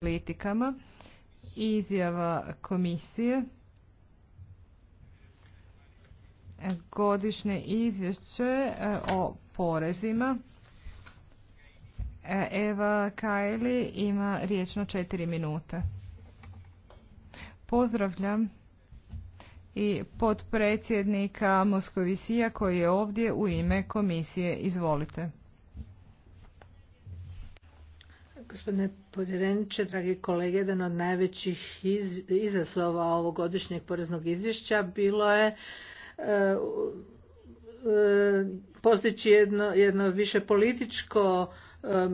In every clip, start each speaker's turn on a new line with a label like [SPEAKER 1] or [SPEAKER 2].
[SPEAKER 1] politikama. Izjava komisije godišnje izvješće e, o porezima. E, Eva Kajli ima riječno četiri minute. Pozdravljam i podpredsjednika Moskovisija koji je ovdje u ime komisije. Izvolite.
[SPEAKER 2] Gospodine povjereniče, dragi kolege, jedan od najvećih izazova godišnjeg poreznog izvješća bilo je e, e, postići jedno, više političko e,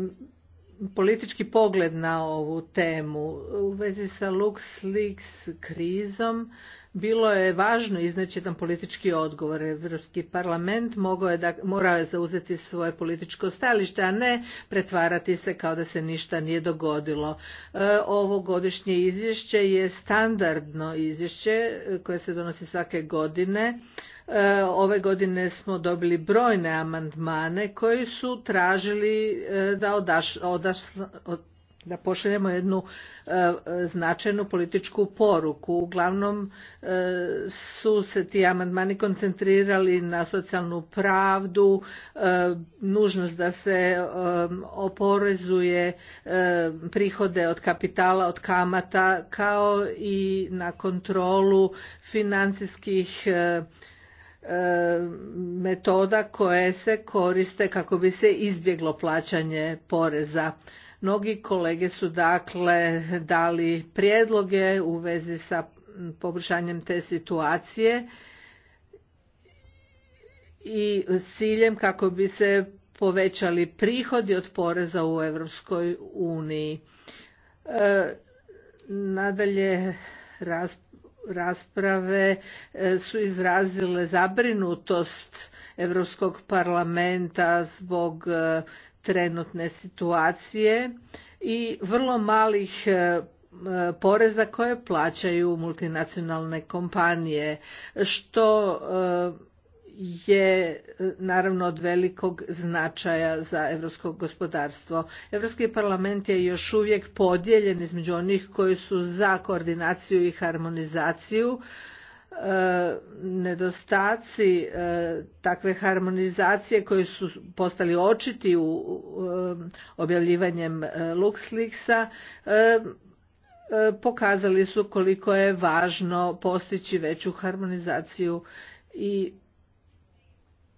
[SPEAKER 2] politički pogled na ovu temu u vezi sa LuxLeaks krizom bilo je važno iznaći jedan politički odgovor. Europski parlament mogao je da, morao je zauzeti svoje političko stajalište, a ne pretvarati se kao da se ništa nije dogodilo. E, ovo godišnje izvješće je standardno izvješće e, koje se donosi svake godine. E, ove godine smo dobili brojne amandmane koji su tražili da odaš, odaš, od, da pošaljemo jednu e, značajnu političku poruku. Uglavnom e, su se ti amandmani koncentrirali na socijalnu pravdu, e, nužnost da se oporezuje prihode od kapitala, od kamata, kao i na kontrolu financijskih metoda koje se koriste kako bi se izbjeglo plaćanje poreza Mnogi kolege su dakle dali prijedloge u vezi sa poboljšanjem te situacije i s ciljem kako bi se povećali prihodi od poreza u Europskoj uniji. E, nadalje rasprave e, su izrazile zabrinutost Europskog parlamenta zbog e, trenutne situacije i vrlo malih e, e, poreza koje plaćaju multinacionalne kompanije što e, je naravno od velikog značaja za europsko gospodarstvo. Evropski parlament je još uvijek podijeljen između onih koji su za koordinaciju i harmonizaciju E, nedostaci e, takve harmonizacije koji su postali očiti u e, objavljivanjem LuxLeaksa pokazali su koliko je važno postići veću harmonizaciju i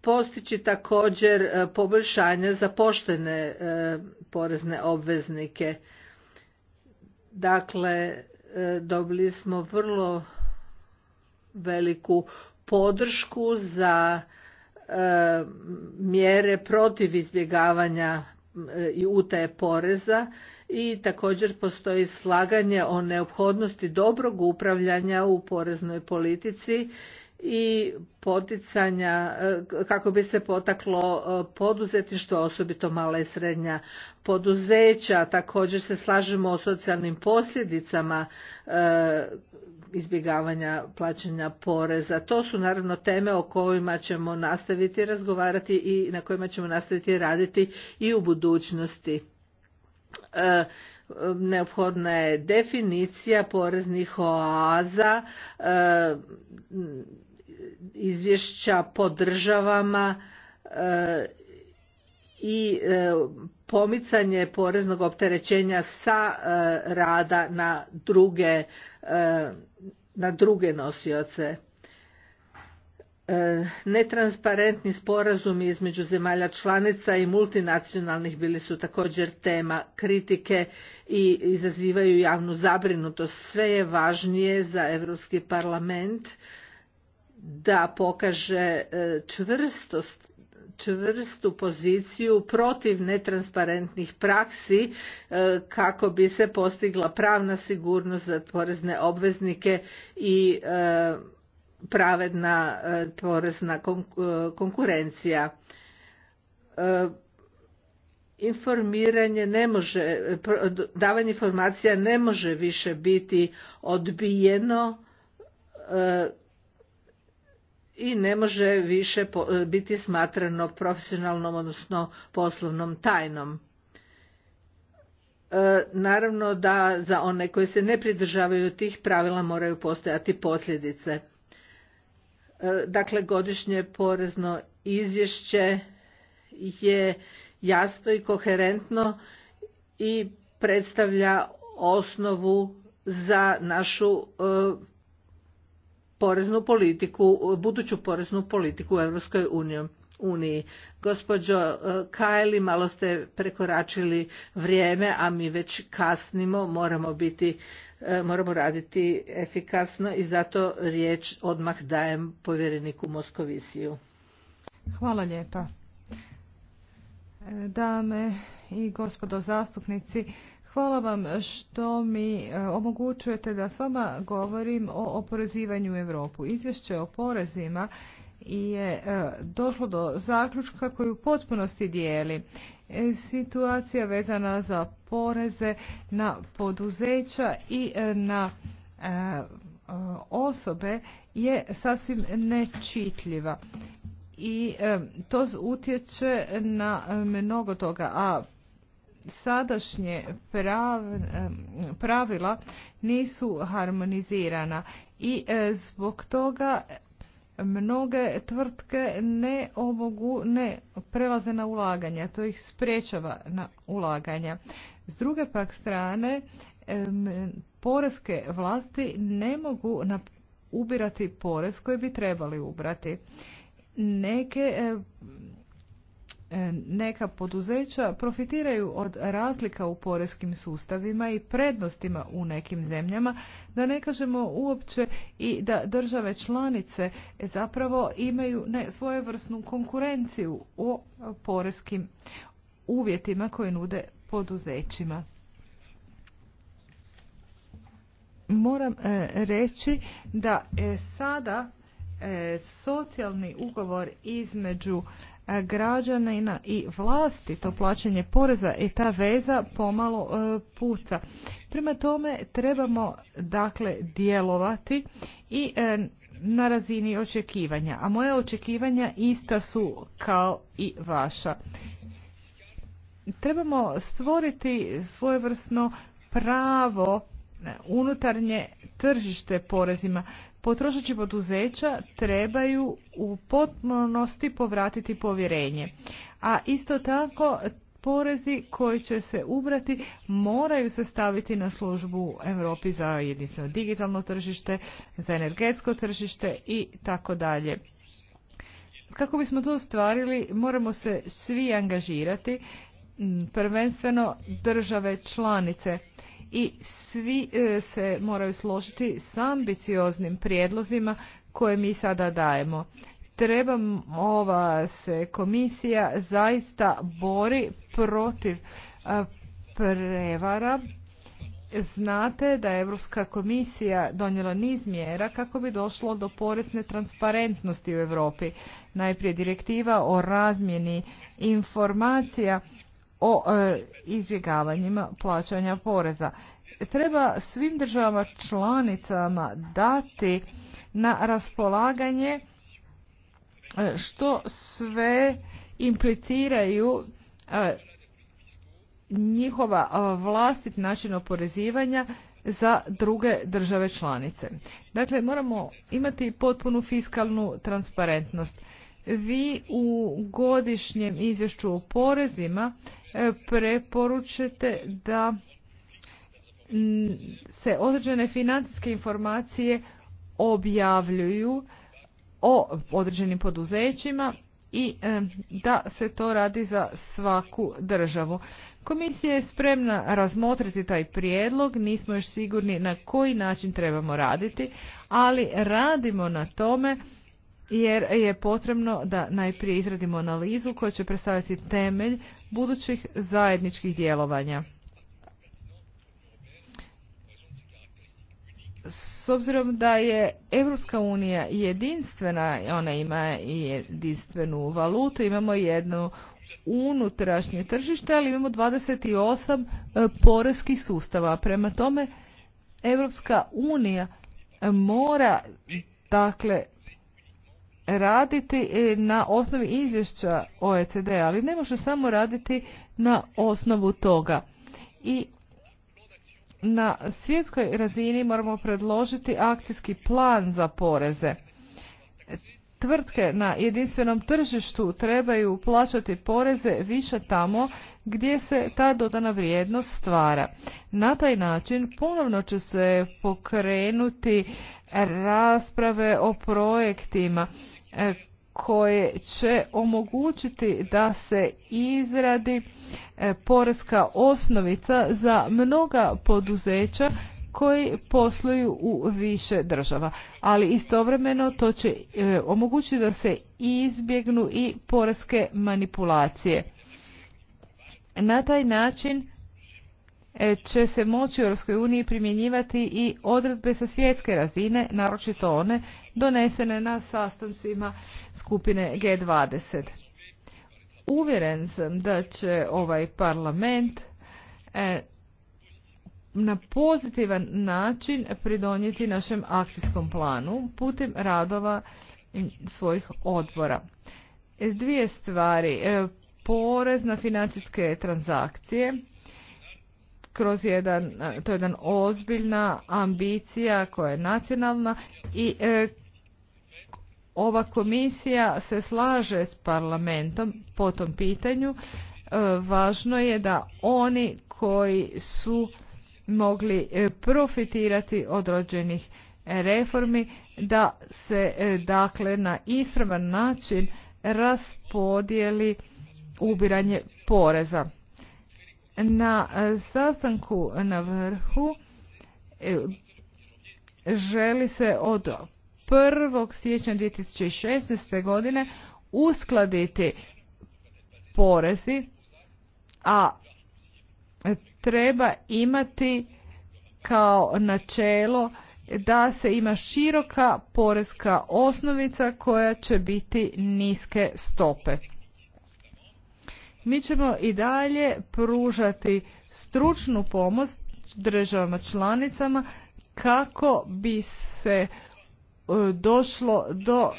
[SPEAKER 2] postići također poboljšanje za poštene porezne obveznike. Dakle, dobili smo vrlo veliku podršku za e, mjere protiv izbjegavanja e, i utaje poreza i također postoji slaganje o neophodnosti dobrog upravljanja u poreznoj politici i poticanja e, kako bi se potaklo poduzetništvo, osobito mala i srednja poduzeća. Također se slažemo o socijalnim posljedicama izbjegavanja plaćanja poreza. To su naravno teme o kojima ćemo nastaviti razgovarati i na kojima ćemo nastaviti raditi i u budućnosti. E, neophodna je definicija poreznih oaza, e, izvješća po državama, e, i e, pomicanje poreznog opterećenja sa e, rada na druge, e, nosioce. Netransparentni sporazumi između zemalja članica i multinacionalnih bili su također tema kritike i izazivaju javnu zabrinutost. Sve je važnije za Europski parlament da pokaže čvrstost čvrstu poziciju protiv netransparentnih praksi e, kako bi se postigla pravna sigurnost za porezne obveznike i e, pravedna e, porezna konkurencija informiranje ne može davanje informacija ne može više biti odbijeno i ne može više e, biti smatrano profesionalnom odnosno poslovnom tajnom. E, naravno da za one koji se ne pridržavaju tih pravila moraju postojati posljedice. E, dakle, godišnje porezno izvješće je jasno i koherentno i predstavlja osnovu za našu poreznu politiku, buduću poreznu politiku u Europskoj uniji. Gospođo eh, Kajli, malo ste prekoračili vrijeme, a mi već kasnimo, moramo biti eh, moramo raditi efikasno i zato riječ odmah dajem povjereniku Moskovisiju.
[SPEAKER 1] Hvala lijepa. Eh, dame i gospodo zastupnici, Hvala vam što mi e, omogućujete da s vama govorim o oporezivanju u Europu. Izvješće o porezima je e, došlo do zaključka koji u potpunosti dijeli. E, situacija vezana za poreze na poduzeća i na osobe je sasvim nečitljiva i to utječe na mnogo toga, a sadašnje pravila nisu harmonizirana i e, zbog toga mnoge tvrtke ne ne prelaze na ulaganja, to ih sprečava na ulaganja. S druge pak strane, poreske vlasti ne mogu ubirati porez koji bi trebali ubrati. Neke e, E, neka poduzeća profitiraju od razlika u poreskim sustavima i prednostima u nekim zemljama, da ne kažemo uopće i da države članice zapravo imaju svojevrsnu konkurenciju o poreskim uvjetima koje nude poduzećima. Moram e, reći da e, sada socijalni ugovor između građanina i vlasti, to plaćanje poreza i ta veza pomalo e, puca. Prema tome trebamo dakle djelovati i e, na razini očekivanja, a moja očekivanja ista su kao i vaša. Trebamo stvoriti svojevrsno pravo e, unutarnje tržište porezima potrošači poduzeća trebaju u potpunosti povratiti povjerenje. A isto tako porezi koji će se ubrati moraju se staviti na službu Europi za jedinstveno digitalno tržište, za energetsko tržište i tako dalje. Kako bismo to ostvarili, moramo se svi angažirati, prvenstveno države članice i svi e, se moraju složiti s ambicioznim prijedlozima koje mi sada dajemo. Treba ova se komisija zaista bori protiv prevara. Znate da je Europska komisija donijela niz mjera kako bi došlo do porezne transparentnosti u Europi. Najprije direktiva o razmjeni informacija o e, izbjegavanjima plaćanja poreza. Treba svim državama članicama dati na raspolaganje e, što sve impliciraju e, njihova vlastit način oporezivanja za druge države članice. Dakle, moramo imati potpunu fiskalnu transparentnost. Vi u godišnjem izvješću o porezima preporučite da se određene financijske informacije objavljuju o određenim poduzećima i e, da se to radi za svaku državu. Komisija je spremna razmotriti taj prijedlog, nismo još sigurni na koji način trebamo raditi, ali radimo na tome jer je potrebno da najprije izradimo analizu koja će predstaviti temelj budućih zajedničkih djelovanja. S obzirom da je Europska unija jedinstvena, ona ima i jedinstvenu valutu, imamo jednu unutrašnje tržište, ali imamo 28 e, poreskih sustava. Prema tome, Europska unija mora dakle raditi e, na osnovi izvješća OECD, ali ne može samo raditi na osnovu toga. I na svjetskoj razini moramo predložiti akcijski plan za poreze. Tvrtke na jedinstvenom tržištu trebaju plaćati poreze više tamo gdje se ta dodana vrijednost stvara. Na taj način ponovno će se pokrenuti rasprave o projektima E, koje će omogućiti da se izradi e, poreska osnovica za mnoga poduzeća koji posluju u više država. Ali istovremeno to će e, omogućiti da se izbjegnu i poreske manipulacije. Na taj način E, će se moći u EU primjenjivati i odredbe sa svjetske razine, naročito one donesene na sastancima skupine G20. Uvjeren sam da će ovaj parlament e, na pozitivan način pridonijeti našem akcijskom planu putem radova svojih odbora. E, dvije stvari. Porez na financijske transakcije kroz jedan, e, to je jedan ozbiljna ambicija koja je nacionalna i e, ova komisija se slaže s parlamentom po tom pitanju. E, važno je da oni koji su mogli profitirati od rođenih reformi da se dakle na ispravan način raspodijeli ubiranje poreza. Na sastanku na vrhu e, želi se od 1. siječnja 2016. godine uskladiti porezi, a treba imati kao načelo da se ima široka porezka osnovica koja će biti niske stope. Mi ćemo i dalje pružati stručnu pomoć državama članicama kako bi se e, došlo do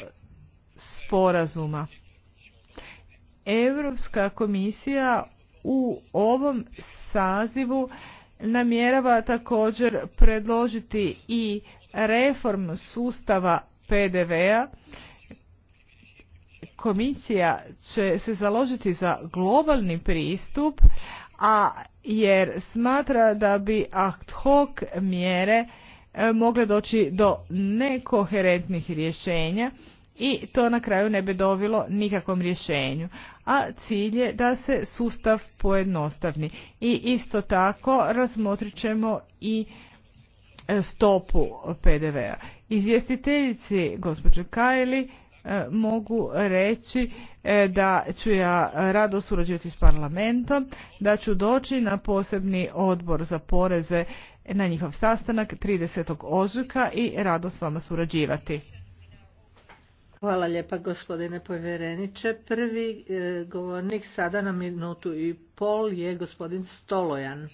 [SPEAKER 1] sporazuma. Europska komisija u ovom sazivu namjerava također predložiti i reformu sustava PDV-a komisija će se založiti za globalni pristup, a jer smatra da bi ad hoc mjere e, mogle doći do nekoherentnih rješenja i to na kraju ne bi dovilo nikakvom rješenju. A cilj je da se sustav pojednostavni. I isto tako razmotrit ćemo i e, stopu PDV-a. Izvjestiteljici gospođe Kajli E, mogu reći e, da ću ja rado surađivati s parlamentom, da ću doći na posebni odbor za poreze na njihov sastanak 30. ožujka i rado s vama surađivati.
[SPEAKER 2] Hvala lijepa gospodine povjereniče. Prvi e, govornik sada na minutu i pol je gospodin Stolojan.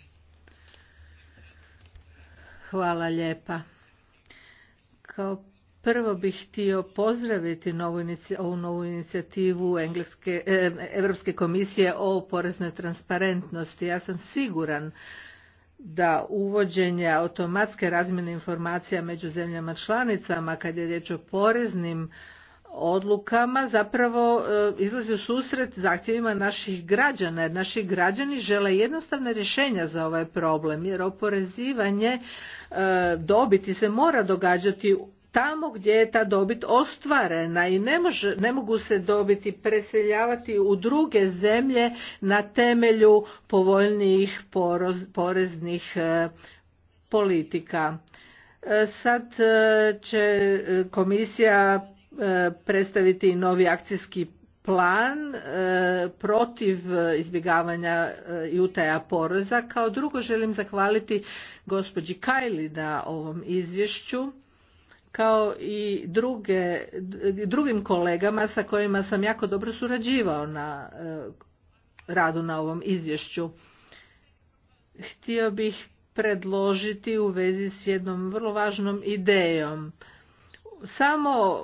[SPEAKER 2] Hvala lijepa. Kao Prvo bih htio pozdraviti novu, ovu novu inicijativu Engleske, Europske komisije o poreznoj transparentnosti. Ja sam siguran da uvođenje automatske razmjene informacija među zemljama članicama kad je riječ o poreznim odlukama zapravo e, izlazi u susret zahtjevima naših građana jer naši građani žele jednostavna rješenja za ovaj problem jer oporezivanje e, dobiti se mora događati tamo gdje je ta dobit ostvarena i ne, može, ne mogu se dobiti preseljavati u druge zemlje na temelju povoljnijih poreznih e, politika. E, sad e, će komisija predstaviti novi akcijski plan protiv izbjegavanja i utaja poreza. Kao drugo želim zahvaliti gospođi Kajli na ovom izvješću kao i druge, drugim kolegama sa kojima sam jako dobro surađivao na e, radu na ovom izvješću. Htio bih predložiti u vezi s jednom vrlo važnom idejom samo e,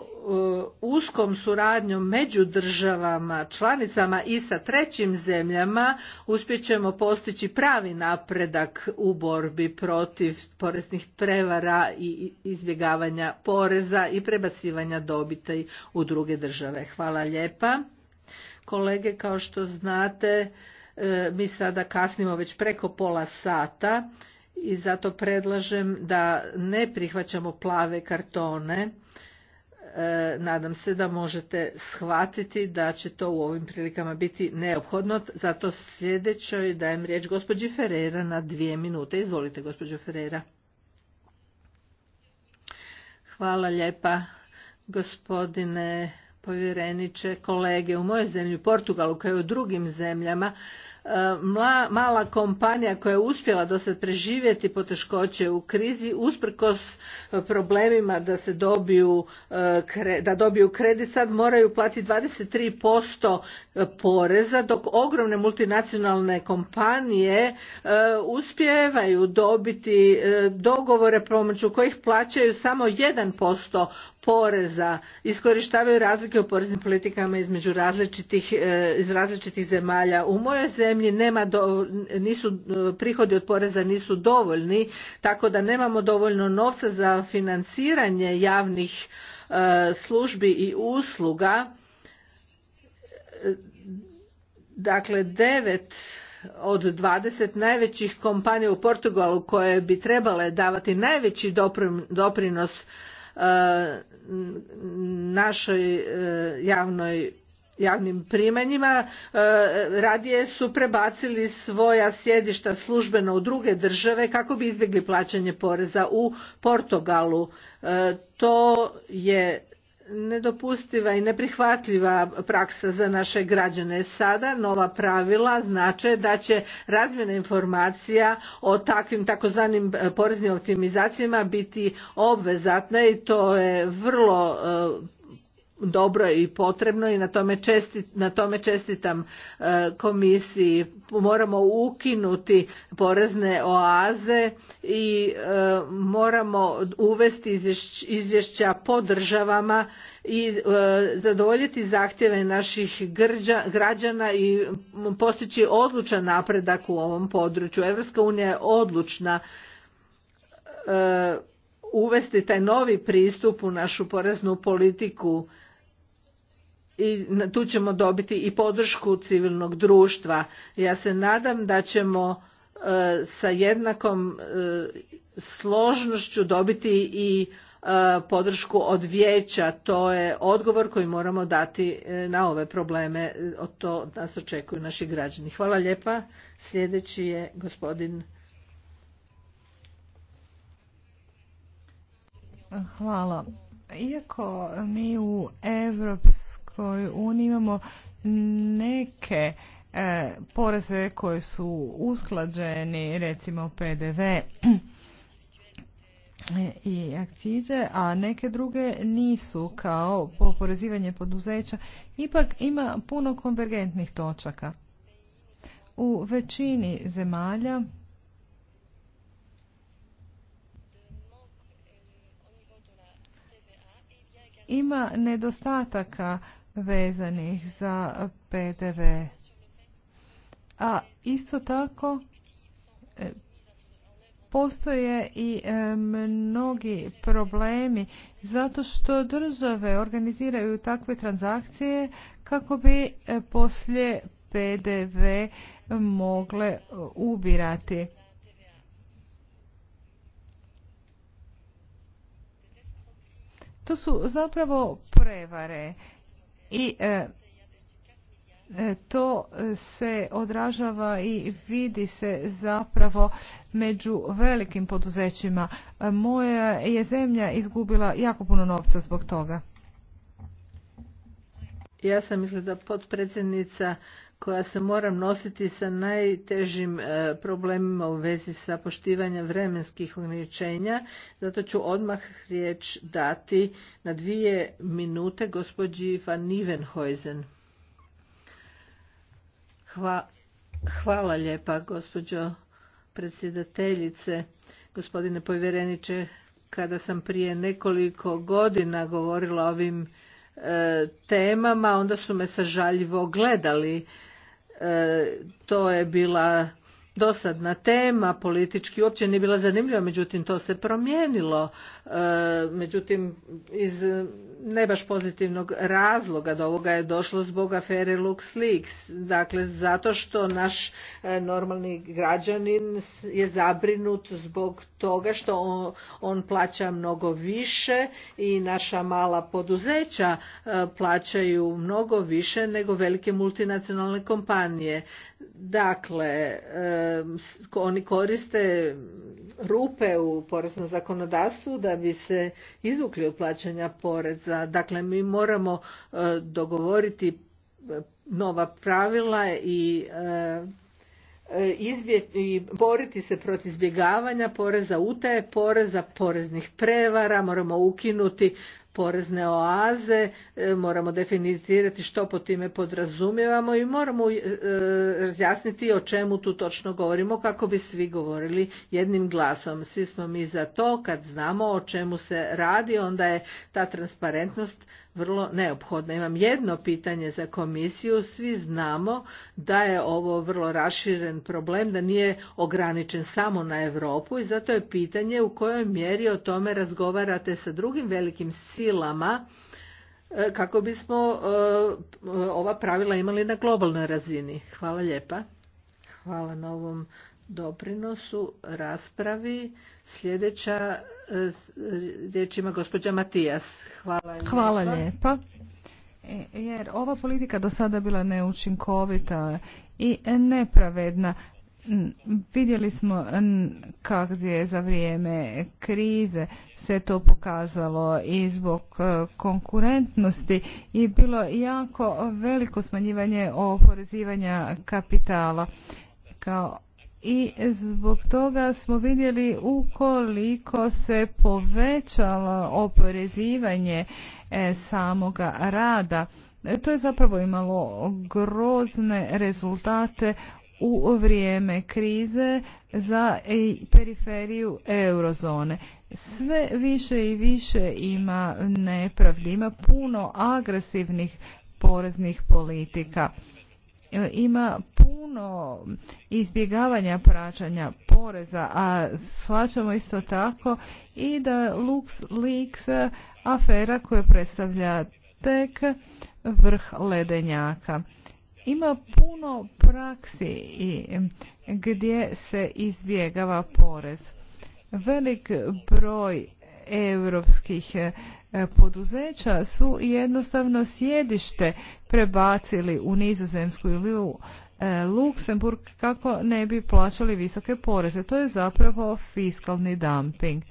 [SPEAKER 2] uskom suradnjom među državama, članicama i sa trećim zemljama uspjećemo postići pravi napredak u borbi protiv poreznih prevara i izbjegavanja poreza i prebacivanja dobiti u druge države. Hvala lijepa. Kolege, kao što znate, e, mi sada kasnimo već preko pola sata i zato predlažem da ne prihvaćamo plave kartone E, nadam se da možete shvatiti da će to u ovim prilikama biti neophodno. Zato sljedećoj dajem riječ gospođi Ferreira na dvije minute. Izvolite gospođo Ferreira. Hvala lijepa gospodine povjereniče, kolege u mojoj zemlji, u Portugalu kao i u drugim zemljama mala kompanija koja je uspjela do sad preživjeti poteškoće u krizi usprkos problemima da se dobiju e, da dobiju kredit sad moraju platiti 23% poreza dok ogromne multinacionalne kompanije e, uspijevaju dobiti e, dogovore pomoću kojih plaćaju samo 1% poreza iskorištavaju razlike u poreznim politikama između različitih, e, iz različitih zemalja u mojoj zemlji nema nisu e, prihodi od poreza nisu dovoljni tako da nemamo dovoljno novca za financiranje javnih e, službi i usluga dakle devet od 20 najvećih kompanija u Portugalu koje bi trebale davati najveći doprinos E, našoj e, javnoj javnim primanjima e, radije su prebacili svoja sjedišta službeno u druge države kako bi izbjegli plaćanje poreza u Portugalu. To je nedopustiva i neprihvatljiva praksa za naše građane. Sada nova pravila znače da će razmjena informacija o takvim takozvanim e, poreznim optimizacijama biti obvezatna i to je vrlo e, dobro i potrebno i na tome, na tome čestitam e, komisiji. Moramo ukinuti porezne oaze i e, moramo uvesti izvješća po državama i e, zadovoljiti zahtjeve naših građana i postići odlučan napredak u ovom području. Europska unija je odlučna uvesti taj novi pristup u našu poreznu politiku i tu ćemo dobiti i podršku civilnog društva. Ja se nadam da ćemo e, sa jednakom e, složnošću dobiti i e, podršku od vijeća. To je odgovor koji moramo dati na ove probleme. Od to nas očekuju naši građani. Hvala lijepa. Sljedeći je gospodin
[SPEAKER 1] Hvala. Iako mi u Europskoj uniji imamo neke e, poreze koje su usklađeni, recimo PDV i akcize, a neke druge nisu kao oporezivanje poduzeća. Ipak ima puno konvergentnih točaka. U većini zemalja ima nedostataka vezanih za PDV. A isto tako e, postoje i e, mnogi problemi zato što države organiziraju takve transakcije kako bi e, poslije PDV mogle ubirati. To su zapravo
[SPEAKER 3] prevare
[SPEAKER 1] i e, e, to se odražava i vidi se zapravo među velikim poduzećima. E, moja je zemlja izgubila jako puno novca zbog toga.
[SPEAKER 2] Ja sam mislila da potpredsjednica koja se mora nositi sa najtežim e, problemima u vezi sa poštivanjem vremenskih ograničenja. Zato ću odmah riječ dati na dvije minute gospođi Van Nivenhuizen. hvala lijepa gospođo predsjedateljice, gospodine povjereniče. Kada sam prije nekoliko godina govorila o ovim e, temama, onda su me sažaljivo gledali E, to je bila dosadna tema, politički uopće nije bila zanimljiva, međutim to se promijenilo. E, međutim, iz ne baš pozitivnog razloga do ovoga je došlo zbog afere LuxLeaks. Dakle, zato što naš e, normalni građanin je zabrinut zbog toga što on plaća mnogo više i naša mala poduzeća e, plaćaju mnogo više nego velike multinacionalne kompanije. Dakle, oni koriste rupe u poreznom zakonodavstvu da bi se izvukli od plaćanja poreza. Dakle, mi moramo e, dogovoriti e, nova pravila i e, boriti se protiv izbjegavanja poreza utaje poreza poreznih prevara moramo ukinuti porezne oaze e, moramo definirati što po time podrazumijevamo i moramo e, razjasniti o čemu tu točno govorimo kako bi svi govorili jednim glasom svi smo mi za to kad znamo o čemu se radi onda je ta transparentnost vrlo neophodna. Imam jedno pitanje za komisiju. Svi znamo da je ovo vrlo raširen problem, da nije ograničen samo na Europu i zato je pitanje u kojoj mjeri o tome razgovarate sa drugim velikim silama e, kako bismo e, ova pravila imali na globalnoj razini. Hvala lijepa. Hvala na ovom doprinosu raspravi. Sljedeća E, riječ gospođa Matijas. Hvala lijepa.
[SPEAKER 1] E, jer ova politika do sada bila neučinkovita i nepravedna. Vidjeli smo kako je za vrijeme krize se to pokazalo i zbog e, konkurentnosti i bilo jako veliko smanjivanje oporezivanja kapitala kao i zbog toga smo vidjeli ukoliko se povećalo oporezivanje e, samoga rada. E, to je zapravo imalo grozne rezultate u vrijeme krize za periferiju eurozone. Sve više i više ima nepravdi, ima puno agresivnih poreznih politika. E, ima puno izbjegavanja praćanja poreza, a shvaćamo isto tako i da Leaks afera koja predstavlja tek vrh ledenjaka. Ima puno praksi i gdje se izbjegava porez. Velik broj europskih e, poduzeća su jednostavno sjedište prebacili u Nizozemsku ili u e, Luksemburg kako ne bi plaćali visoke poreze. To je zapravo fiskalni dumping.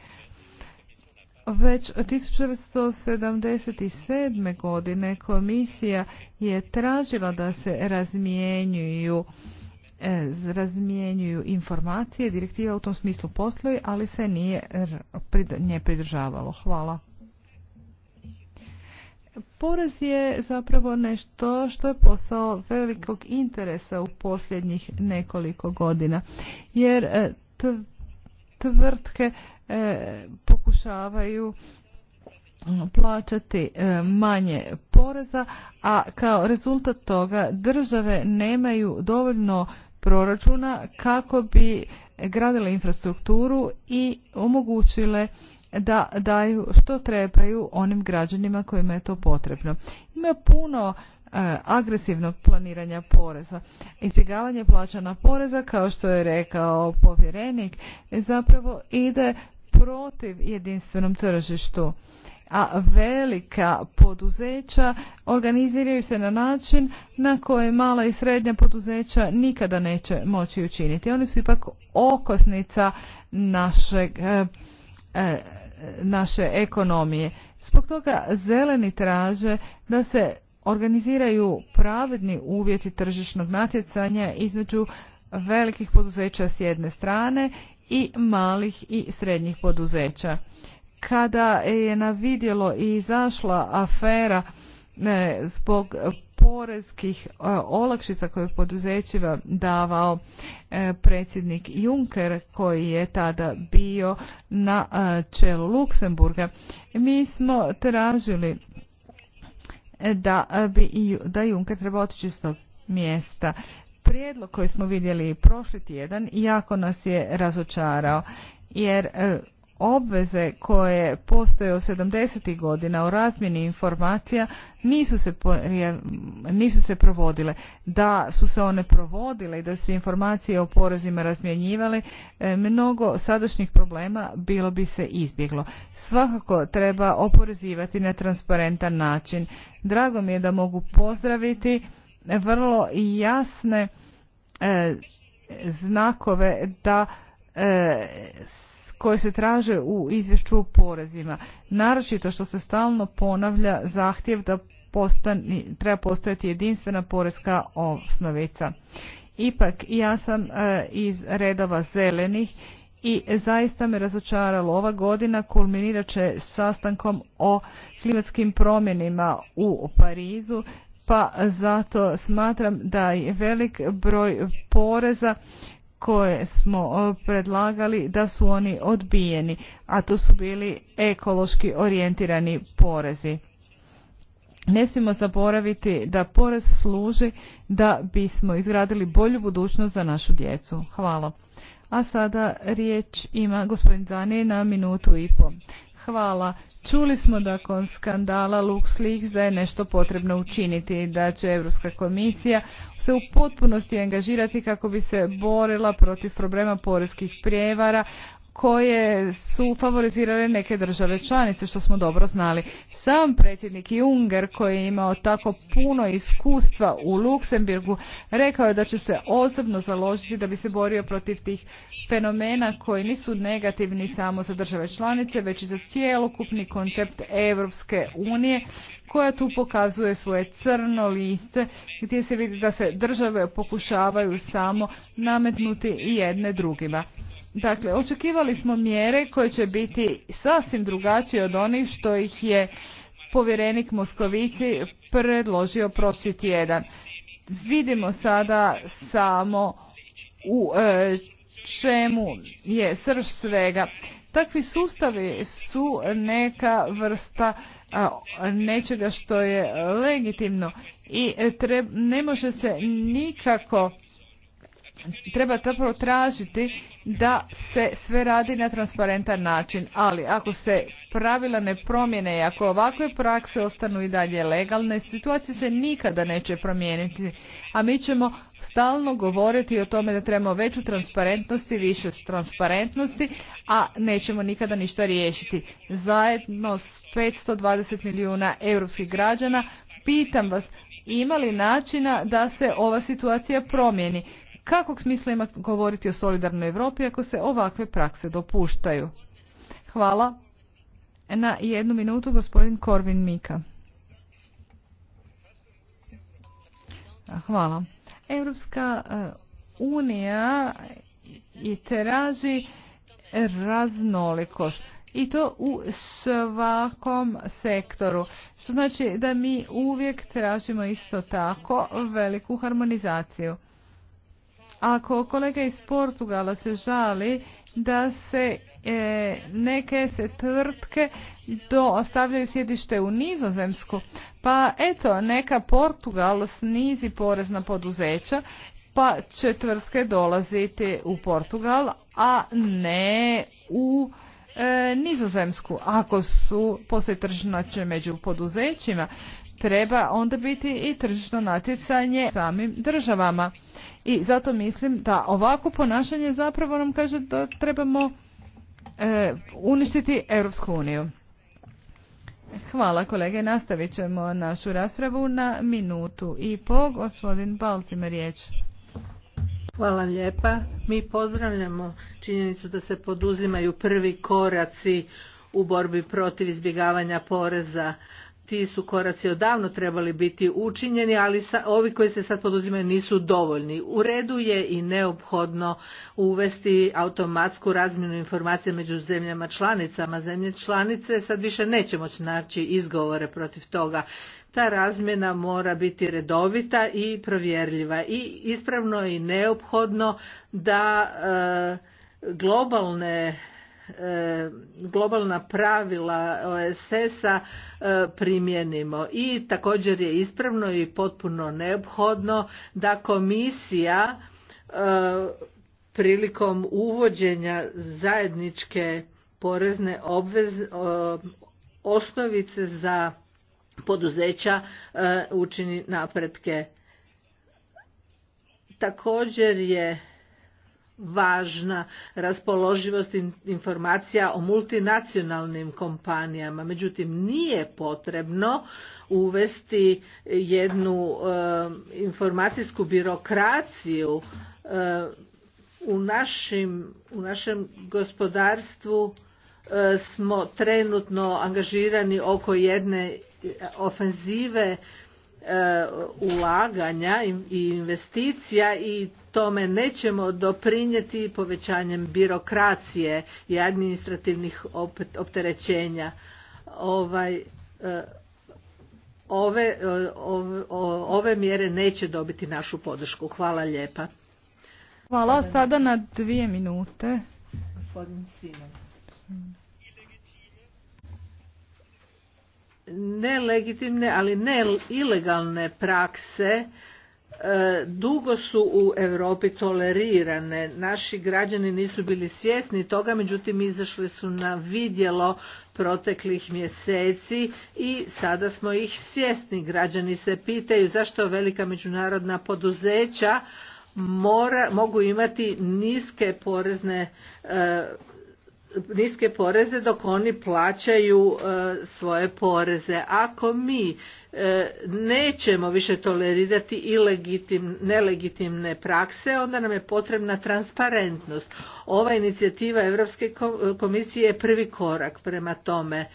[SPEAKER 1] Već 1977. godine komisija je tražila da se razmjenjuju E, razmjenjuju informacije, direktiva u tom smislu postoji, ali se nije nije pridržavalo. Hvala. Porez je zapravo nešto što je posao velikog interesa u posljednjih nekoliko godina, jer e, tvrtke e, pokušavaju plaćati manje poreza, a kao rezultat toga države nemaju dovoljno proračuna kako bi gradile infrastrukturu i omogućile da daju što trebaju onim građanima kojima je to potrebno. Ima puno e, agresivnog planiranja poreza. Izbjegavanje plaćana poreza, kao što je rekao povjerenik, zapravo ide protiv jedinstvenom tržištu a velika poduzeća organiziraju se na način na koje mala i srednja poduzeća nikada neće moći učiniti. Oni su ipak okosnica našeg, e, e, naše ekonomije. Zbog toga zeleni traže da se organiziraju pravedni uvjeti tržišnog natjecanja između velikih poduzeća s jedne strane i malih i srednjih poduzeća kada je navidjelo i izašla afera zbog porezkih e, olakšica koje je davao e, predsjednik Juncker koji je tada bio na e, čelu Luksemburga. Mi smo tražili da, bi, da Juncker treba otići s tog mjesta. Prijedlog koji smo vidjeli prošli tjedan jako nas je razočarao jer obveze koje postoje od 70. godina o razmjeni informacija nisu se, se provodile. Da su se one provodile i da su se informacije o porezima razmjenjivale, e, mnogo sadašnjih problema bilo bi se izbjeglo. Svakako treba oporezivati na transparentan način. Drago mi je da mogu pozdraviti vrlo jasne e, znakove da e, koje se traže u izvješću o porezima. Naročito što se stalno ponavlja zahtjev da treba postojati jedinstvena porezka osnovica. Ipak ja sam e, iz redova zelenih i zaista me razočaralo. Ova godina kulminirat će sastankom o klimatskim promjenima u Parizu, pa zato smatram da je velik broj poreza koje smo predlagali da su oni odbijeni, a to su bili ekološki orijentirani porezi. Ne smijemo zaboraviti da porez služi da bismo izgradili bolju budućnost za našu djecu. Hvala. A sada riječ ima gospodin Zani na minutu i po. Hvala. Čuli smo da kon skandala LuxLeaks da je nešto potrebno učiniti, da će Europska komisija se u potpunosti angažirati kako bi se borila protiv problema poreskih prijevara, koje su favorizirale neke države članice, što smo dobro znali. Sam predsjednik Junger koji je imao tako puno iskustva u Luksemburgu, rekao je da će se osobno založiti da bi se borio protiv tih fenomena koji nisu negativni samo za države članice, već i za cijelokupni koncept Europske unije, koja tu pokazuje svoje crno liste gdje se vidi da se države pokušavaju samo nametnuti jedne drugima. Dakle, očekivali smo mjere koje će biti sasvim drugačije od onih što ih je povjerenik Moskovici predložio prošli tjedan. Vidimo sada samo u e, čemu je srž svega. Takvi sustavi su neka vrsta nečega što je legitimno i e, ne može se nikako treba zapravo tražiti da se sve radi na transparentan način, ali ako se pravila ne promjene i ako ovakve prakse ostanu i dalje legalne, situacija se nikada neće promijeniti, a mi ćemo stalno govoriti o tome da trebamo veću transparentnost i više transparentnosti, a nećemo nikada ništa riješiti. Zajedno s 520 milijuna europskih građana pitam vas ima li načina da se ova situacija promijeni? kakvog smisla ima govoriti o solidarnoj Europi ako se ovakve prakse dopuštaju? Hvala. Na jednu minutu gospodin Korvin Mika. Hvala. Evropska e, unija i traži raznolikost i to u svakom sektoru. Što znači da mi uvijek tražimo isto tako veliku harmonizaciju. Ako kolega iz Portugala se žali da se e, neke se tvrtke do, ostavljaju sjedište u nizozemsku, pa eto neka Portugal snizi porez na poduzeća pa će tvrtke dolaziti u Portugal, a ne u e, nizozemsku. Ako su poslije tržnače među poduzećima, treba onda biti i tržišno natjecanje samim državama. I zato mislim da ovako ponašanje zapravo nam kaže da trebamo e, uništiti Europsku uniju. Hvala kolege, nastavit ćemo našu raspravu na minutu
[SPEAKER 2] i po. Gospodin Baltima, riječ. Hvala lijepa. Mi pozdravljamo činjenicu da se poduzimaju prvi koraci u borbi protiv izbjegavanja poreza ti su koraci odavno trebali biti učinjeni, ali sa, ovi koji se sad poduzimaju nisu dovoljni. U redu je i neophodno uvesti automatsku razmjenu informacija među zemljama članicama. Zemlje članice sad više neće moći naći izgovore protiv toga. Ta razmjena mora biti redovita i provjerljiva i ispravno i neophodno da e, globalne E, globalna pravila OSS-a e, primijenimo. I također je ispravno i potpuno neophodno da komisija e, prilikom uvođenja zajedničke porezne obveze osnovice za poduzeća učini napretke. Također je važna raspoloživost informacija o multinacionalnim kompanijama međutim nije potrebno uvesti jednu eh, informacijsku birokraciju eh, u, našim, u našem gospodarstvu eh, smo trenutno angažirani oko jedne ofenzive E, ulaganja i investicija i tome nećemo doprinijeti povećanjem birokracije i administrativnih opterećenja. Ovaj, e, e, ove, mjere neće dobiti našu podršku. Hvala lijepa.
[SPEAKER 1] Hvala. Sada na dvije minute.
[SPEAKER 2] Gospodin mm. nelegitimne, ali ne ilegalne prakse e, dugo su u Europi tolerirane. Naši građani nisu bili svjesni toga, međutim izašli su na vidjelo proteklih mjeseci i sada smo ih svjesni. Građani se pitaju zašto velika međunarodna poduzeća mora, mogu imati niske porezne e, niske poreze dok oni plaćaju e, svoje poreze. Ako mi e, nećemo više tolerirati i nelegitimne prakse, onda nam je potrebna transparentnost. Ova inicijativa Europske komisije je prvi korak prema tome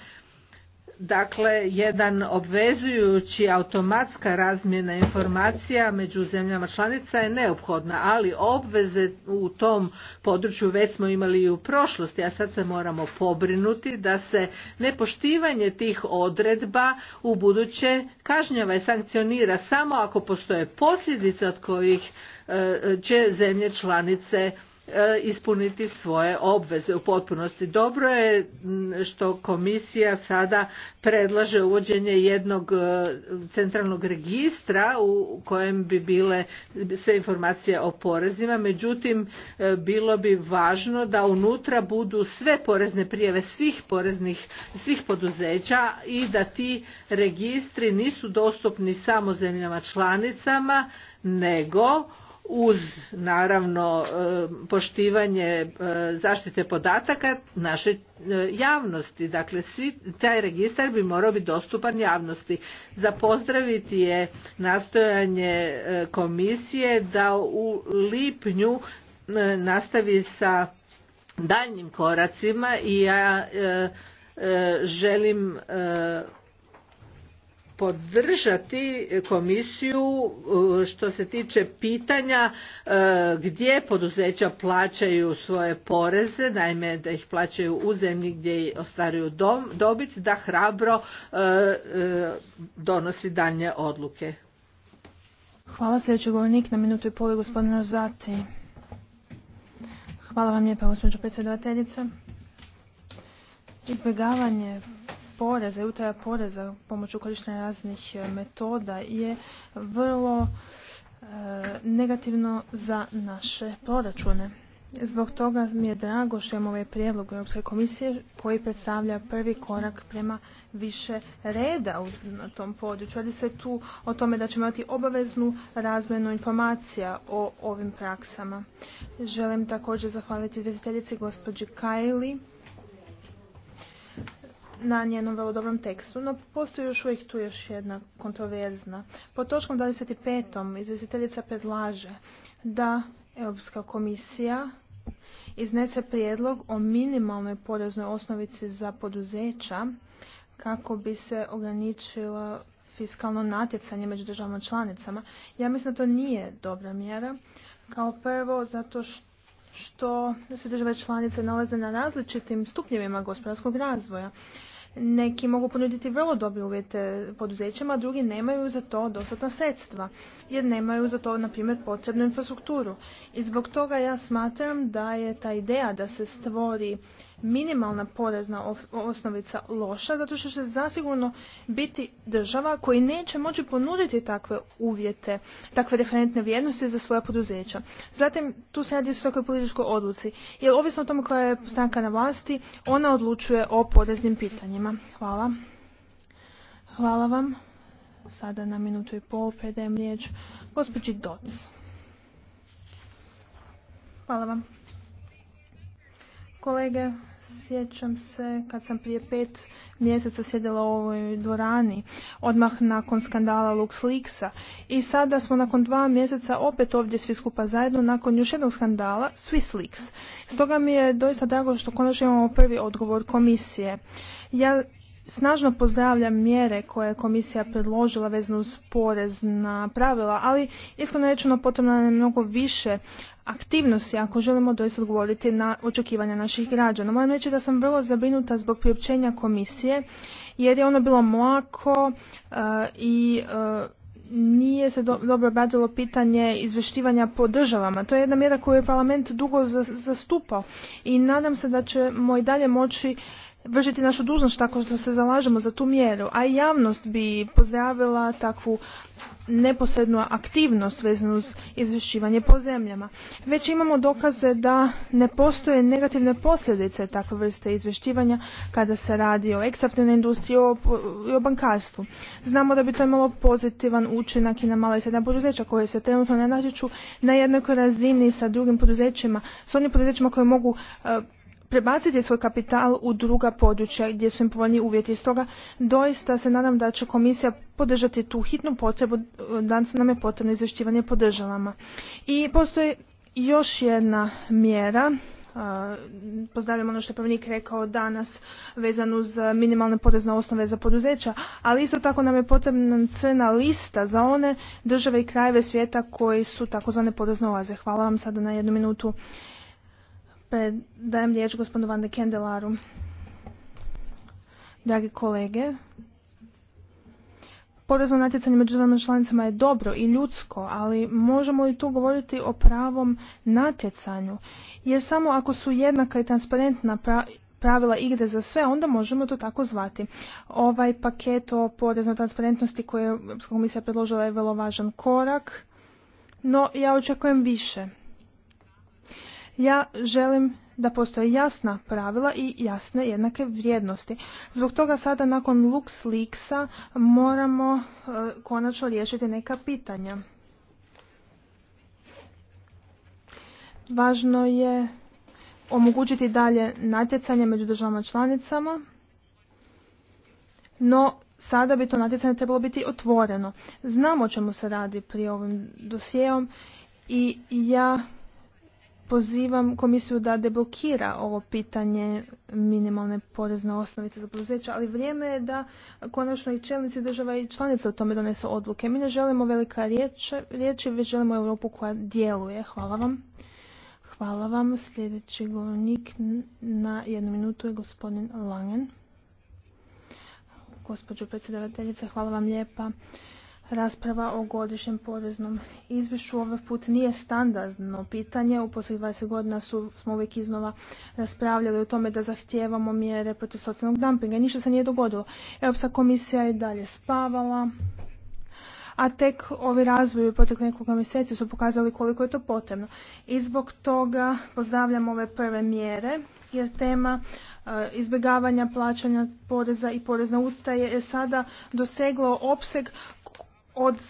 [SPEAKER 2] dakle jedan obvezujući automatska razmjena informacija među zemljama članica je neophodna, ali obveze u tom području već smo imali i u prošlosti, a sad se moramo pobrinuti da se nepoštivanje tih odredba u buduće kažnjava i sankcionira samo ako postoje posljedice od kojih e, će zemlje članice E, ispuniti svoje obveze u potpunosti. Dobro je što komisija sada predlaže uvođenje jednog e, centralnog registra u kojem bi bile sve informacije o porezima, međutim e, bilo bi važno da unutra budu sve porezne prijeve svih poreznih svih poduzeća i da ti registri nisu dostupni samo zemljama članicama nego uz naravno e, poštivanje e, zaštite podataka naše e, javnosti. Dakle, taj registar bi morao biti dostupan javnosti. Za pozdraviti je nastojanje komisije da u lipnju nastavi sa daljnjim koracima i ja želim podržati komisiju e, što se tiče pitanja e, gdje poduzeća plaćaju svoje poreze, naime da ih plaćaju u zemlji gdje ostvaruju dobit, da hrabro e, donosi daljnje odluke.
[SPEAKER 4] Hvala sljedeći govornik na minutu i pol gospodinu Rozati. Hvala vam lijepa gospođo predsjedavateljice. Izbjegavanje poreza i utaja poreza pomoću korištenja raznih e, metoda je vrlo e, negativno za naše proračune. Zbog toga mi je drago što imamo ovaj prijedlog Europske komisije koji predstavlja prvi korak prema više reda na tom području. Radi se tu o tome da ćemo imati obaveznu razmjenu informacija o ovim praksama. Želim također zahvaliti izvjestiteljici gospođi Kajli na njenom vrlo dobrom tekstu, no postoji još uvijek tu još jedna kontroverzna. Po točkom 25. izvjestiteljica predlaže da Europska komisija iznese prijedlog o minimalnoj poreznoj osnovici za poduzeća kako bi se ograničilo fiskalno natjecanje među državama članicama. Ja mislim da to nije dobra mjera. Kao prvo, zato što što se države članice nalaze na različitim stupnjevima gospodarskog razvoja. Neki mogu ponuditi vrlo dobre uvjete poduzećima, a drugi nemaju za to dostatna sredstva, jer nemaju za to, na primjer, potrebnu infrastrukturu. I zbog toga ja smatram da je ta ideja da se stvori minimalna porezna osnovica loša zato što će zasigurno biti država koji neće moći ponuditi takve uvjete, takve referentne vrijednosti za svoja poduzeća. Zatim tu se radi o takvoj političkoj odluci jer ovisno o tome koja je stranka na vlasti ona odlučuje o poreznim pitanjima. Hvala. Hvala vam. Sada na minutu i pol predajem riječ gospođi Doc. Hvala vam. Kolege, Sjećam se kad sam prije pet mjeseca sjedila u ovoj dvorani, odmah nakon skandala LuxLeaksa. I sada smo nakon dva mjeseca opet ovdje svi skupa zajedno, nakon još jednog skandala, SwissLeaks. Stoga mi je doista drago što konačno imamo prvi odgovor komisije. Ja snažno pozdravljam mjere koje je komisija predložila vezno uz porezna pravila, ali iskreno rečeno potrebno je mnogo više aktivnosti ako želimo doista odgovoriti na očekivanja naših građana. Moram reći da sam vrlo zabrinuta zbog priopćenja komisije jer je ono bilo mlako e, i e, nije se dobro obradilo pitanje izveštivanja po državama. To je jedna mjera koju je parlament dugo zastupao i nadam se da ćemo i dalje moći vršiti našu dužnost tako što se zalažemo za tu mjeru, a i javnost bi pozdravila takvu neposrednu aktivnost vezanu uz izvješćivanje po zemljama. Već imamo dokaze da ne postoje negativne posljedice takve vrste izvješćivanja kada se radi o ekstraktivnoj industriji i o bankarstvu. Znamo da bi to imalo pozitivan učinak i na mala i srednja poduzeća koje se trenutno ne natječu na jednakoj razini sa drugim poduzećima, s onim poduzećima koje mogu e, prebaciti svoj kapital u druga područja gdje su im povoljni uvjeti. Stoga doista se nadam da će komisija podržati tu hitnu potrebu, da nam je potrebno izvještivanje po državama. I postoji još jedna mjera pozdravljam ono što je povjerenik rekao danas vezano uz minimalne porezne osnove za poduzeća, ali isto tako nam je potrebna crna lista za one države i krajeve svijeta koji su takozvane porezne oaze. Hvala vam sada na jednu minutu Dajem riječ gospodinu Van de Kendelaru. Dragi kolege, porezno natjecanje među državama članicama je dobro i ljudsko, ali možemo li tu govoriti o pravom natjecanju? Jer samo ako su jednaka i transparentna pravila igre za sve, onda možemo to tako zvati. Ovaj paket o poreznoj transparentnosti koji je Europska komisija predložila je vrlo važan korak, no ja očekujem više ja želim da postoje jasna pravila i jasne jednake vrijednosti. Zbog toga sada nakon LuxLeaksa moramo e, konačno riješiti neka pitanja. Važno je omogućiti dalje natjecanje među državama članicama, no sada bi to natjecanje trebalo biti otvoreno. Znamo o čemu se radi prije ovim dosijeom i ja pozivam komisiju da deblokira ovo pitanje minimalne porezne osnovice za poduzeće, ali vrijeme je da konačno i čelnici država i članica o tome donesu odluke. Mi ne želimo velika riječ, riječi, već želimo Europu koja djeluje. Hvala vam. Hvala vam. Sljedeći govornik na jednu minutu je gospodin Langen. Gospođo predsjedavateljice, hvala vam lijepa. Rasprava o godišnjem poreznom izvješću ovaj put nije standardno pitanje. U posljednjih 20 godina su, smo uvijek iznova raspravljali o tome da zahtijevamo mjere protiv socijalnog dumpinga i ništa se nije dogodilo. Europska komisija je dalje spavala, a tek ovi razvoji u proteklih nekoliko mjeseci su pokazali koliko je to potrebno. I zbog toga pozdravljam ove prve mjere jer tema eh, izbjegavanja plaćanja poreza i porezna utaje je sada doseglo opseg od,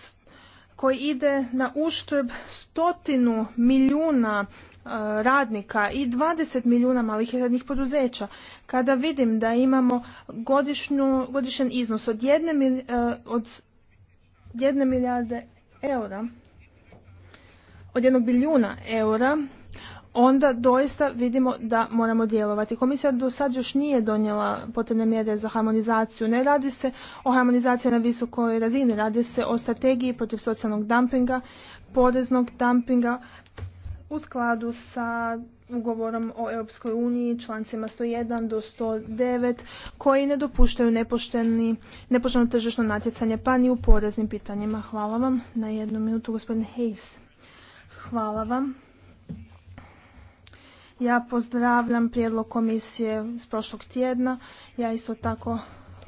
[SPEAKER 4] koji ide na uštrb stotinu milijuna e, radnika i 20 milijuna malih i radnih poduzeća. Kada vidim da imamo godišnju, godišnjen iznos od jedne, e, od jedne milijarde eura, od jednog bilijuna eura, onda doista vidimo da moramo djelovati. Komisija do sad još nije donijela potrebne mjere za harmonizaciju. Ne radi se o harmonizaciji na visokoj razini, radi se o strategiji protiv socijalnog dumpinga, poreznog dumpinga u skladu sa ugovorom o Europskoj uniji, člancima 101 do 109, koji ne dopuštaju nepošteni, nepošteno tržišno natjecanje, pa ni u poreznim pitanjima. Hvala vam. Na jednu minutu, gospodin Hayes. Hvala vam. Ja pozdravljam prijedlog komisije iz prošlog tjedna. Ja isto tako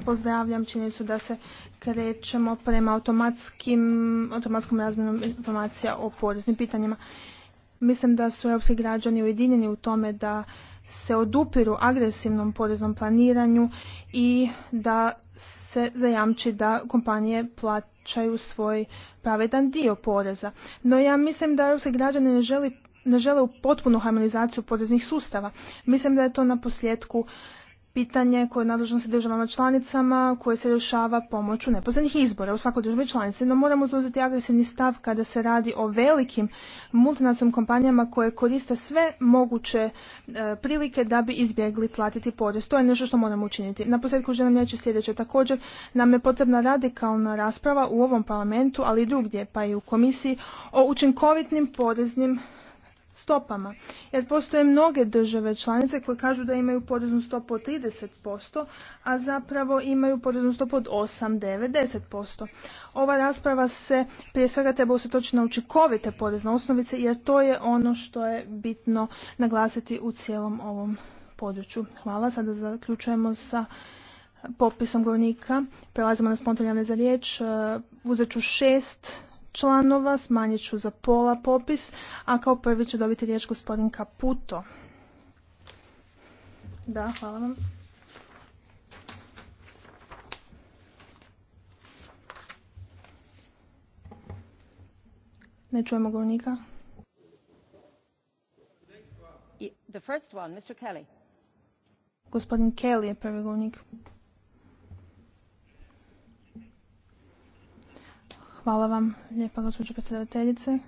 [SPEAKER 4] pozdravljam činjenicu da se krećemo prema automatskim, automatskom razmjenom informacija o poreznim pitanjima. Mislim da su europski građani ujedinjeni u tome da se odupiru agresivnom poreznom planiranju i da se zajamči da kompanije plaćaju svoj pravedan dio poreza. No ja mislim da europski građani ne želi ne žele u potpunu harmonizaciju poreznih sustava. Mislim da je to na posljedku pitanje koje je nadležno se državama članicama koje se rješava pomoću neposrednih izbora u svakoj državi članici. No moramo zauzeti agresivni stav kada se radi o velikim multinacionalnim kompanijama koje koriste sve moguće e, prilike da bi izbjegli platiti porez. To je nešto što moramo učiniti. Na posljedku želim reći sljedeće. Također nam je potrebna radikalna rasprava u ovom parlamentu, ali i drugdje, pa i u komisiji, o učinkovitnim poreznim stopama. Jer postoje mnoge države članice koje kažu da imaju poreznu stopu od 30%, a zapravo imaju poreznu stopu od 8-90%. Ova rasprava se prije svega treba usjetočiti na učinkovite porezne osnovice, jer to je ono što je bitno naglasiti u cijelom ovom području. Hvala, sada zaključujemo sa popisom govornika. Prelazimo na spontanjavne za riječ. Uzet ću šest članova, smanjit ću za pola popis, a kao prvi će dobiti riječ gospodin Kaputo. Da, hvala vam. Ne čujemo govornika.
[SPEAKER 3] The Kelly.
[SPEAKER 4] Gospodin Kelly je prvi govornik. Hvala vam lijepa gospođo predsjedateljice.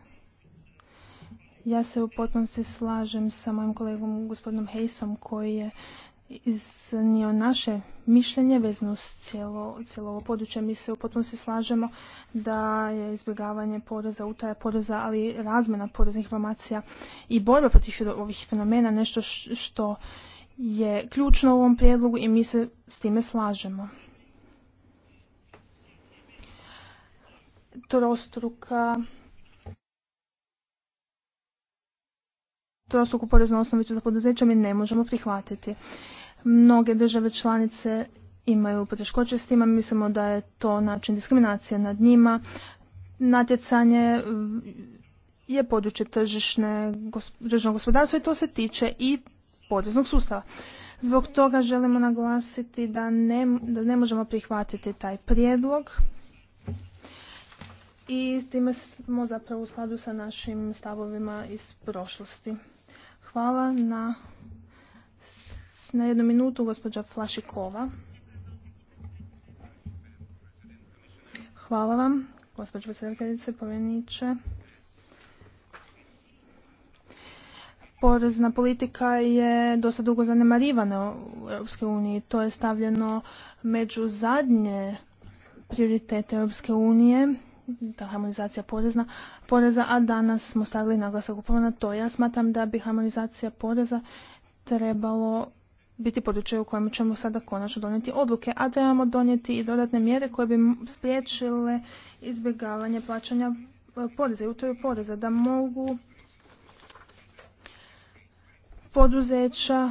[SPEAKER 4] Ja se u potpunosti slažem sa mojim kolegom gospodinom Hejsom koji je iznio naše mišljenje vezno s cijelo, cijelo ovo područje. Mi se u potpunosti slažemo da je izbjegavanje poreza, utaja poreza, ali i razmjena poreznih informacija i borba protiv ovih fenomena nešto što je ključno u ovom prijedlogu i mi se s time slažemo. trostruka trostruku poreznu osnovicu za poduzeće mi ne možemo prihvatiti. Mnoge države članice imaju poteškoće s time, mislimo da je to način diskriminacije nad njima. Natjecanje mm, je područje tržišne, državnog gospodarstva i to se tiče i poreznog sustava. Zbog toga želimo naglasiti da da ne možemo prihvatiti taj prijedlog i s time smo zapravo u skladu sa našim stavovima iz prošlosti. Hvala na, na jednu minutu gospođa Flašikova. Hvala vam, gospođo predsjedateljice, Poveniče. Porezna politika je dosta dugo zanemarivana u Europske uniji. To je stavljeno među zadnje prioritete Europske unije ta harmonizacija poreza, a danas smo stavili naglasak upravo na to. Ja smatram da bi harmonizacija poreza trebalo biti područje u kojem ćemo sada konačno donijeti odluke, a trebamo donijeti i dodatne mjere koje bi spriječile izbjegavanje plaćanja e, poreza i utaju poreza, da mogu poduzeća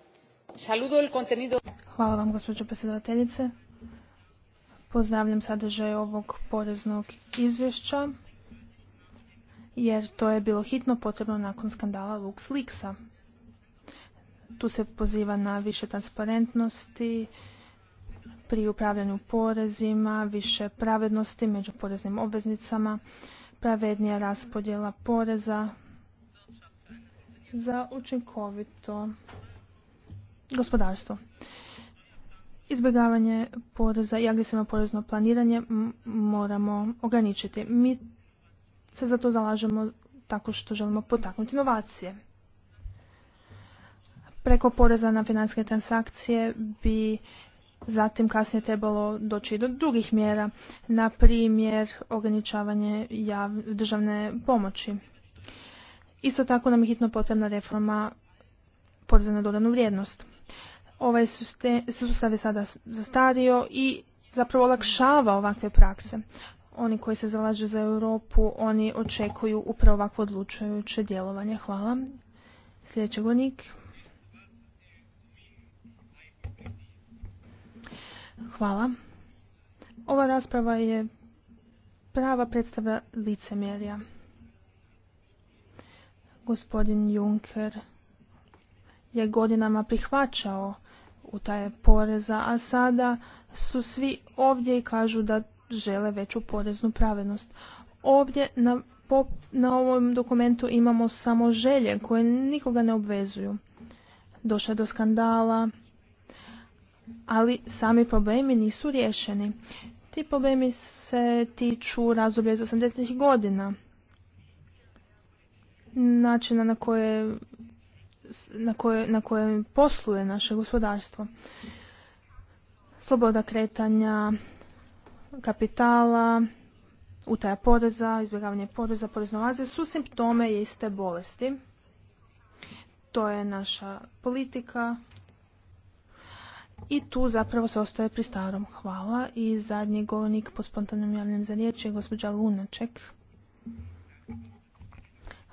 [SPEAKER 4] Hvala vam, gospođo predsjedateljice. Pozdravljam sadržaj ovog poreznog izvješća, jer to je bilo hitno potrebno nakon skandala LuxLeaksa. Tu se poziva na više transparentnosti, pri upravljanju porezima, više pravednosti među poreznim obveznicama, pravednija raspodjela poreza za učinkovito gospodarstvo. Izbjegavanje poreza i agresivno porezno planiranje moramo ograničiti. Mi se za to zalažemo tako što želimo potaknuti inovacije. Preko poreza na financijske transakcije bi zatim kasnije trebalo doći do drugih mjera, na primjer ograničavanje državne pomoći. Isto tako nam je hitno potrebna reforma poreza na dodanu vrijednost. Ovaj sustav je sada zastario i zapravo olakšava ovakve prakse. Oni koji se zalažu za Europu, oni očekuju upravo ovakvo odlučujuće djelovanje. Hvala. Sljedeći govornik. Hvala. Ova rasprava je prava predstava licemjerja. Gospodin Juncker je godinama prihvaćao utaje poreza, a sada su svi ovdje i kažu da žele veću poreznu pravednost. Ovdje na, na ovom dokumentu imamo samo želje koje nikoga ne obvezuju. Došlo do skandala, ali sami problemi nisu riješeni. Ti problemi se tiču razdoblja iz 80. godina, načina na koje na kojem na posluje naše gospodarstvo. Sloboda kretanja, kapitala, utaja poreza, izbjegavanje poreza, porezno vaze su simptome iste bolesti. To je naša politika i tu zapravo se ostaje pri starom. Hvala i zadnji govornik po spontanom javljanju za riječ je gospođa Lunaček.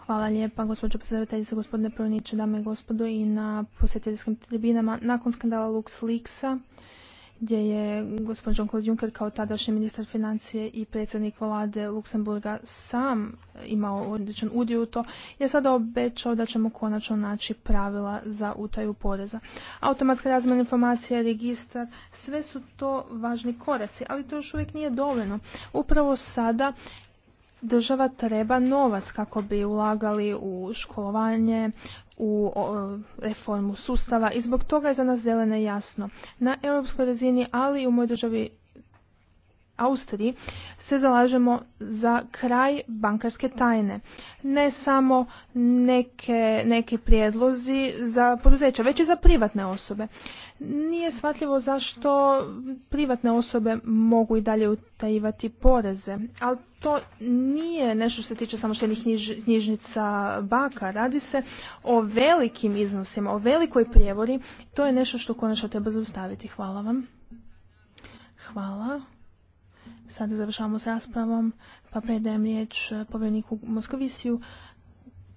[SPEAKER 4] Hvala lijepa gospođo predsjedateljice, gospodine Prvniče, dame i gospodo i na posjetiteljskim tribinama. Nakon skandala LuxLeaksa gdje je gospodin Jean-Claude Juncker kao tadašnji ministar financije i predsjednik vlade Luksemburga sam imao odličan udiju u to, je sada obećao da ćemo konačno naći pravila za utaju poreza. Automatska razmjena informacija, registar, sve su to važni koraci, ali to još uvijek nije dovoljno. Upravo sada država treba novac kako bi ulagali u školovanje, u reformu sustava i zbog toga je za nas zelene jasno. Na europskoj razini, ali i u mojoj državi Austriji se zalažemo za kraj bankarske tajne. Ne samo neke, neke prijedlozi za poduzeća, već i za privatne osobe. Nije shvatljivo zašto privatne osobe mogu i dalje utajivati poreze, ali to nije nešto što se tiče samo štenih knjižnica baka. Radi se o velikim iznosima, o velikoj prijevori. To je nešto što konačno treba zaustaviti. Hvala vam. Hvala. Sada završavamo s raspravom, pa predajem riječ eh, povjereniku Moskovisiju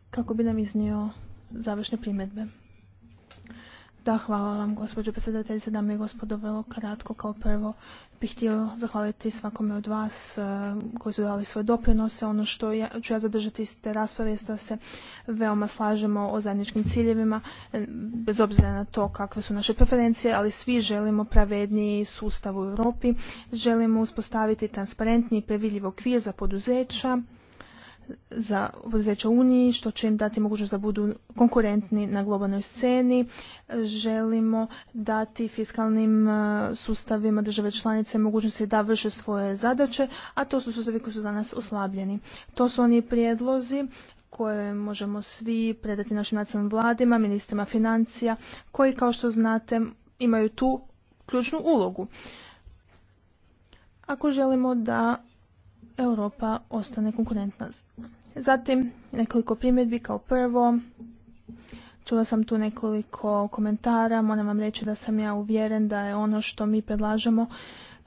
[SPEAKER 4] kako bi nam iznio završne primjedbe. Da, hvala vam, gospođo predsjedateljice, dame i gospodo, vrlo kratko kao prvo bih htio zahvaliti svakome od vas eh, koji su dali svoje doprinose. Ono što ću ja zadržati iz te rasprave je da se veoma slažemo o zajedničkim ciljevima, eh, bez obzira na to kakve su naše preferencije, ali svi želimo pravedniji sustav u Europi, želimo uspostaviti transparentni i previdljiv okvir za poduzeća, za poduzeća Uniji, što će im dati mogućnost da budu konkurentni na globalnoj sceni. Želimo dati fiskalnim e, sustavima države članice mogućnosti da vrše svoje zadaće, a to su sustavi koji su danas oslabljeni. To su oni prijedlozi koje možemo svi predati našim nacionalnim vladima, ministrima financija, koji kao što znate imaju tu ključnu ulogu. Ako želimo da Europa ostane konkurentna. Zatim nekoliko primjedbi kao prvo. Čula sam tu nekoliko komentara. Moram vam reći da sam ja uvjeren da je ono što mi predlažemo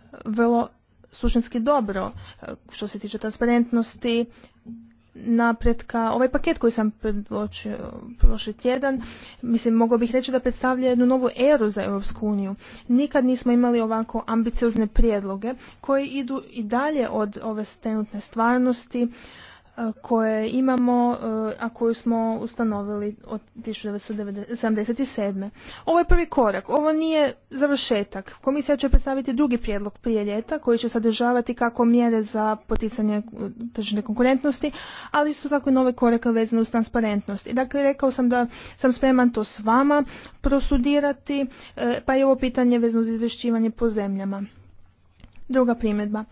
[SPEAKER 4] eh, vrlo suštinski dobro eh, što se tiče transparentnosti, napretka. Ovaj paket koji sam predločio prošli tjedan, mislim, mogao bih reći da predstavlja jednu novu eru za Europsku uniju. Nikad nismo imali ovako ambiciozne prijedloge koji idu i dalje od ove trenutne stvarnosti, koje imamo, eh, a koju smo ustanovili od 1977. Ovo je prvi korak, ovo nije završetak. Komisija će predstaviti drugi prijedlog prije ljeta koji će sadržavati kako mjere za poticanje eh, tržne konkurentnosti, ali su tako i nove koreka vezane uz transparentnost. I dakle, rekao sam da sam spreman to s vama prosudirati, eh, pa je ovo pitanje vezano uz izvješćivanje po zemljama. Druga primjedba.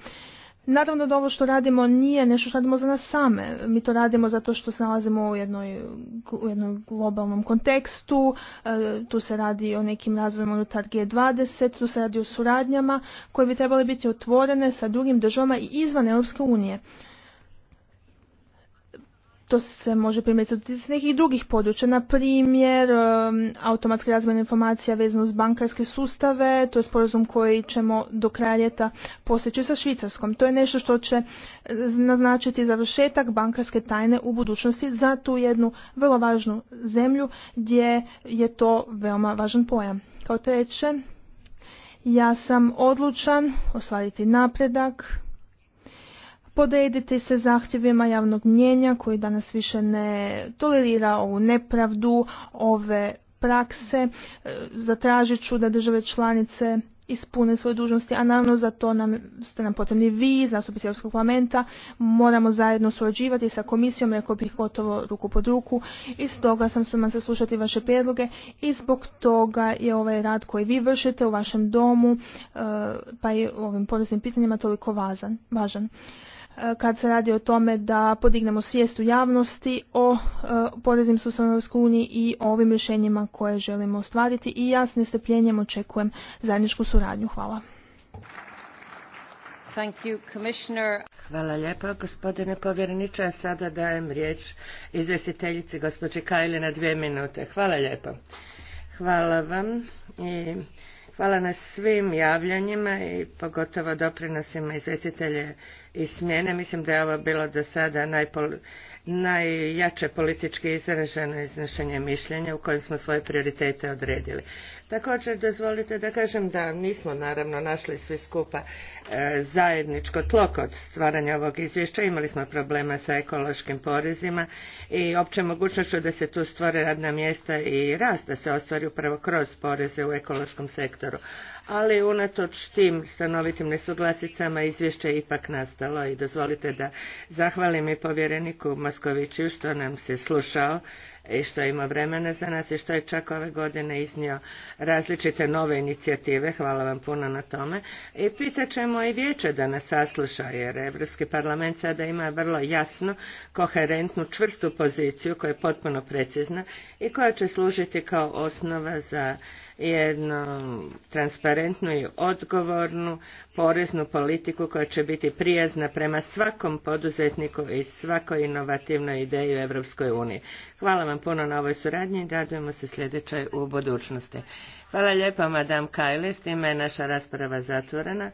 [SPEAKER 4] Naravno da ovo što radimo nije nešto što radimo za nas same. Mi to radimo zato što se nalazimo u jednoj, u jednom globalnom kontekstu, e, tu se radi o nekim razvojima unutar G20, tu se radi o suradnjama koje bi trebale biti otvorene sa drugim državama i izvan Europske unije to se može primjeriti iz nekih drugih područja, na primjer um, automatski razmjena informacija vezano uz bankarske sustave, to je sporazum koji ćemo do kraja ljeta postići sa Švicarskom. To je nešto što će eh, naznačiti završetak bankarske tajne u budućnosti za tu jednu vrlo važnu zemlju gdje je to veoma važan pojam. Kao treće, ja sam odlučan ostvariti napredak podrediti se zahtjevima javnog mnjenja koji danas više ne tolerira ovu nepravdu, ove prakse. E, zatražit ću da države članice ispune svoje dužnosti, a naravno za to nam, ste nam potrebni vi, zastupnici Europskog parlamenta, moramo zajedno surađivati sa komisijom, rekao bih gotovo ruku pod ruku i stoga sam spreman saslušati vaše prijedloge i zbog toga je ovaj rad koji vi vršite u vašem domu, e, pa i ovim poreznim pitanjima toliko važan. E, kad se radi o tome da podignemo svijest u javnosti o e, poreznim u EU i ovim rješenjima koje želimo ostvariti i ja s nestrpljenjem očekujem zajedničku suradnju. Hvala.
[SPEAKER 3] Thank you, Hvala lijepa gospodine povjereniče. sada dajem riječ izvjestiteljici gospođi Kajli na dvije minute. Hvala lijepa Hvala vam i hvala na svim javljanjima i pogotovo doprinosima izvjestitelje i smjene. Mislim da je ovo bilo do sada najjače politički izraženo iznošenje mišljenja u kojem smo svoje prioritete odredili. Također dozvolite da kažem da nismo naravno našli svi skupa e, zajedničko tlo kod stvaranja ovog izvješća. Imali smo problema sa ekološkim porezima i opće mogućnošću da se tu stvore radna mjesta i rast da se ostvari upravo kroz poreze u ekološkom sektoru ali unatoč tim stanovitim nesuglasicama izvješće je ipak nastalo i dozvolite da zahvalim i povjereniku Moskoviću što nam se slušao i što ima vremena za nas i što je čak ove godine iznio različite nove inicijative. Hvala vam puno na tome. I pitat ćemo i vijeće da nas sasluša jer Europski parlament sada ima vrlo jasnu, koherentnu, čvrstu poziciju koja je potpuno precizna i koja će služiti kao osnova za jednu transparentnu i odgovornu poreznu politiku koja će biti prijazna prema svakom poduzetniku i svakoj inovativnoj ideji u Europskoj uniji. Hvala vam puno na ovoj suradnji i radujemo se sljedećoj u budućnosti. Hvala lijepa, Madame Kajle, s time je naša rasprava zatvorena.